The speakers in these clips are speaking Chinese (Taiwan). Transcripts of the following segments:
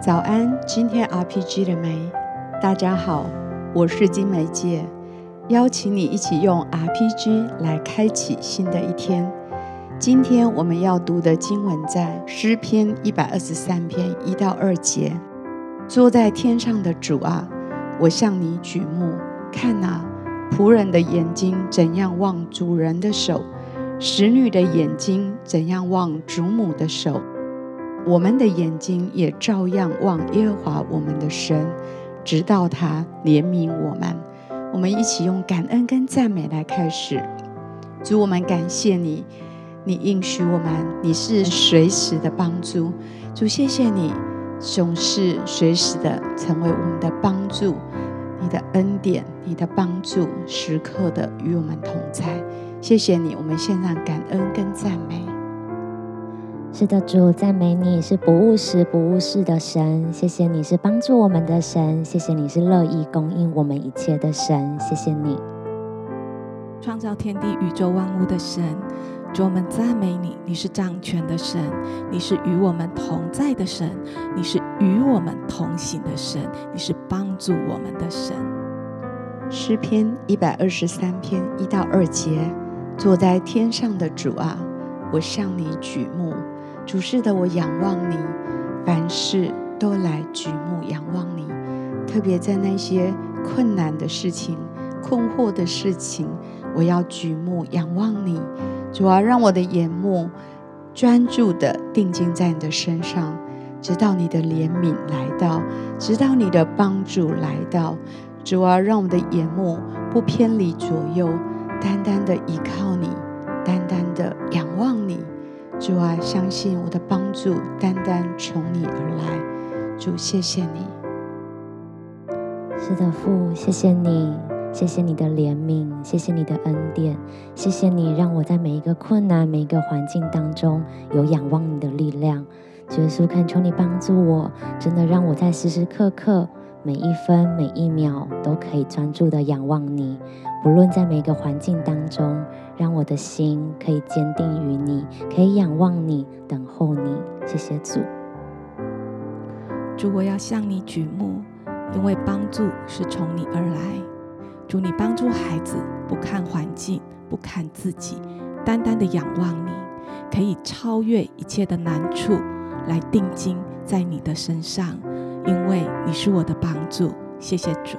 早安，今天 RPG 了沒？大家好，我是晶玫姊，邀請你一起用 RPG 來開啟新的一天。今天我們要讀的經文在詩篇一百二十三篇一到二節。坐在天上的主啊，我向你舉目，看哪，僕人的眼睛怎樣望主人的手，使女的眼睛怎樣望主母的手。我們的眼睛也照樣望耶和華我們的神，直到他憐憫我們。我們一起用感恩跟讚美來開始。主，我們感謝你，你應許我們，你是隨時的幫助。主，謝謝你總是隨時的成為我們的幫助，你的恩典，你的幫助，時刻的與我們同在。謝謝你，我們獻上感恩跟讚美。是的，主，讚美你是不誤時不誤事的神。謝謝你是幫助我們的神，謝謝你是樂意供應我們一切的神。謝謝你創造天地宇宙萬物的神，主，我們讚美你。你是掌權的神，你是與我們同在的神，你是與我們同行的神，你是幫助我們的神。詩篇一百二十三篇一到二節：坐在天上的主啊，我向你舉目。主事的我仰望你，凡事都來舉目仰望你，特別在那些困難的事情、困惑的事情，我要舉目仰望你，主啊，讓我的眼目專注的定睛在你的身上，直到你的憐憫來到，直到你的幫助來到，主啊，讓我們的眼目不偏離左右，單單的依靠。主啊，相信我的幫助單單從你而來。主，謝謝你，是的，父，謝謝你，謝謝你的憐憫，謝謝你的恩典，謝謝你讓我在每一個困難、每一個環境當中有仰望你的力量。耶穌，懇求你幫助我，真的讓我在時時刻刻。每一分每一秒都可以專注的仰望你，不論在每個環境當中，讓我的心可以堅定於你，可以仰望你，等候你。謝謝主，主，我要向你舉目，因為幫助是從你而來。主，你幫助孩子，不看環境，不看自己，單單的仰望你，可以超越一切的難處，來定睛在你的身上。因為你是我的幫助，謝謝主。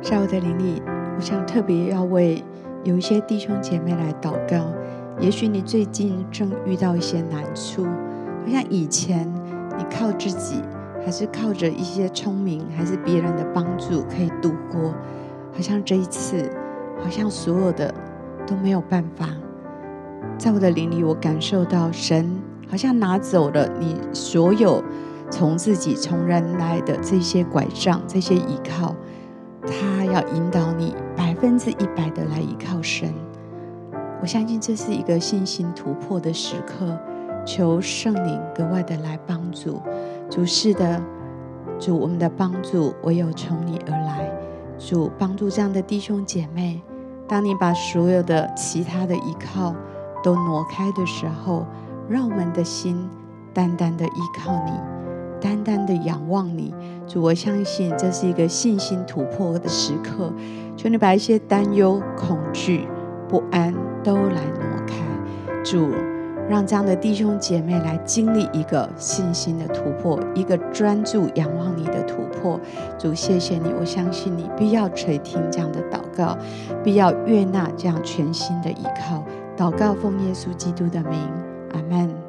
在我的靈裡，我想特別要為有一些弟兄姐妹來禱告。也許你最近正遇到一些難處，好像以前你靠自己，還是靠着一些聰明，還是別人的幫助可以度過。好像這一次，好像所有的都沒有辦法。在我的靈裡，我感受到神好像拿走了你所有。從自己、從人來的這些拐杖、這些依靠，他要引導你百分之一百的來依靠神。我相信這是一個信心突破的時刻，求聖靈格外的來幫助主。是的，主，我們的幫助唯有從你而來。主，幫助這樣的弟兄姐妹。當你把所有的其他的依靠都挪開的時候，讓我們的心單單的依靠你。單單的仰望你，主，我相信這是一個信心突破的時刻。求你把一些擔憂、恐懼、不安都來挪開，主，讓這樣的弟兄姐妹來經歷一個信心的突破，一個專注仰望你的突破。主，謝謝你，我相信你必要垂聽這樣的禱告，必要悅納這樣全心的依靠。禱告奉耶穌基督的名，阿們。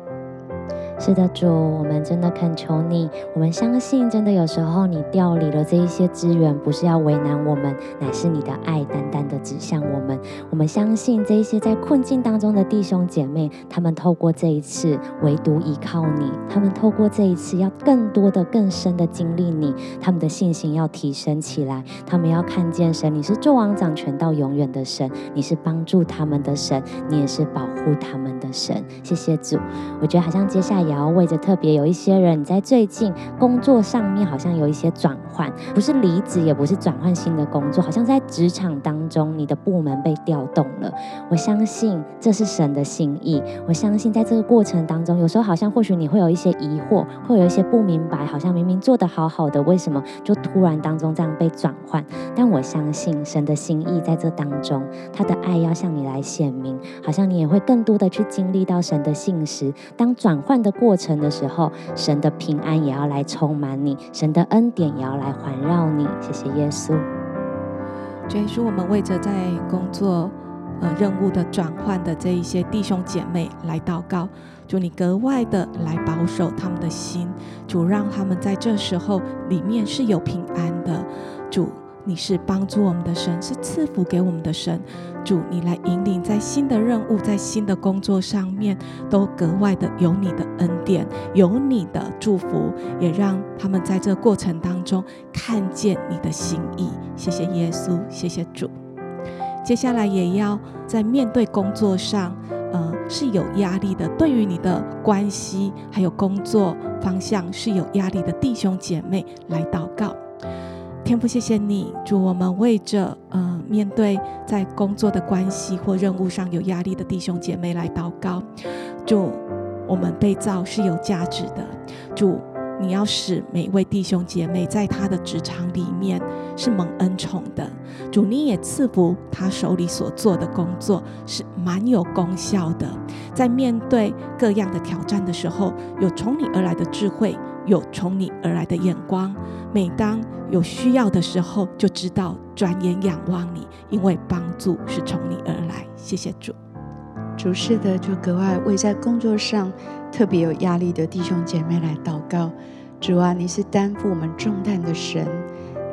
是的，主，我們真的懇求你。我們相信，真的有時候你調離了這一些資源，不是要為難我們，乃是你的愛單單的指向我們。我們相信這一些在困境當中的弟兄姐妹，他們透過這一次，唯獨依靠你；他們透過這一次，要更多的、更深的經歷你。他們的信心要提升起來，他們要看見神，你是作王掌權到永遠的神，你是幫助他們的神，你也是保護他們的神。謝謝主，我覺得好像接下來然後，為着特別有一些人，在最近工作上面好像有一些轉換，不是離職，也不是轉換新的工作，好像在職場當中，你的部門被調動了。我相信這是神的心意。我相信在這個過程當中，有時候好像或許你會有一些疑惑，會有一些不明白，好像明明做得好好的，為什麼就突然當中這樣被轉換？但我相信神的心意在這當中，他的愛要向你來顯明，好像你也會更多的去經歷到神的信實。當轉換的過程。過程的時候，神的平安也要來充滿你，神的恩典也要來環繞你。謝謝耶穌。主，我們為着在工作、呃，任務的轉換的這一些弟兄姐妹來禱告，主，你格外的來保守他們的心，主，讓他們在這時候裡面是有平安的，主。你是幫助我們的神，是賜福給我們的神。主，你來引領，在新的任務、在新的工作上面，都格外的有你的恩典，有你的祝福，也讓他們在這過程當中看見你的心意。謝謝耶穌，謝謝主。接下來也要在面對工作上，呃，是有壓力的，對於你的關係還有工作方向是有壓力的，弟兄姐妹來禱告。天父，謝謝你，主，我們為着呃，面對在工作的關係或任務上有壓力的弟兄姐妹來禱告，主，我們被造是有價值的，主，你要使每位弟兄姐妹在他的職場裡面是蒙恩寵的，主，你也賜福他手裡所做的工作是蠻有功效的，在面對各樣的挑戰的時候，有從你而來的智慧，有從你而來的眼光，每當有需要的時候，就知道轉眼仰望你，因為幫助是從你而來。謝謝主。主是的，就格外為在工作上特別有壓力的弟兄姐妹來禱告。主啊，你是擔負我們重擔的神，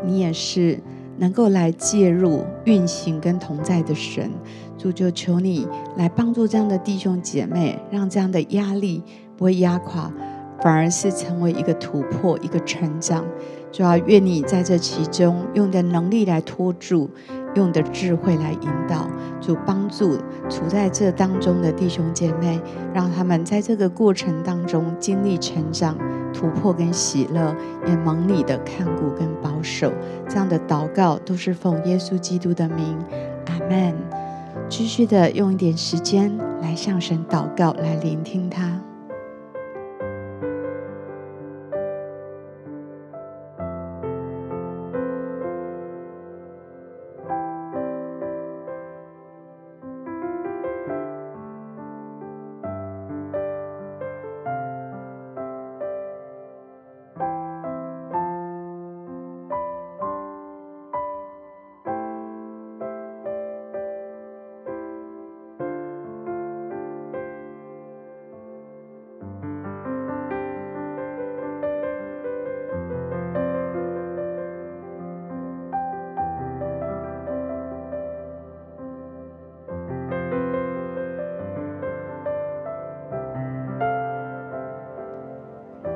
你也是能夠來介入、運行跟同在的神。主就求你來幫助這樣的弟兄姐妹，讓這樣的壓力不會壓垮。反而是成為一個突破、一個成長，主要願你在這其中用你的能力來托住，用你的智慧來引導，就幫助處在這當中的弟兄姐妹，讓他們在這個過程當中經歷成長、突破跟喜樂，也蒙你的看顧跟保守。這樣的禱告都是奉耶穌基督的名，阿們。繼續的用一點時間來向神禱告，來聆聽他。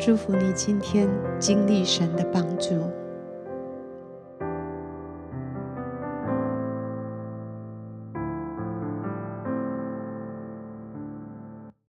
祝福你今天經歷神的幫助。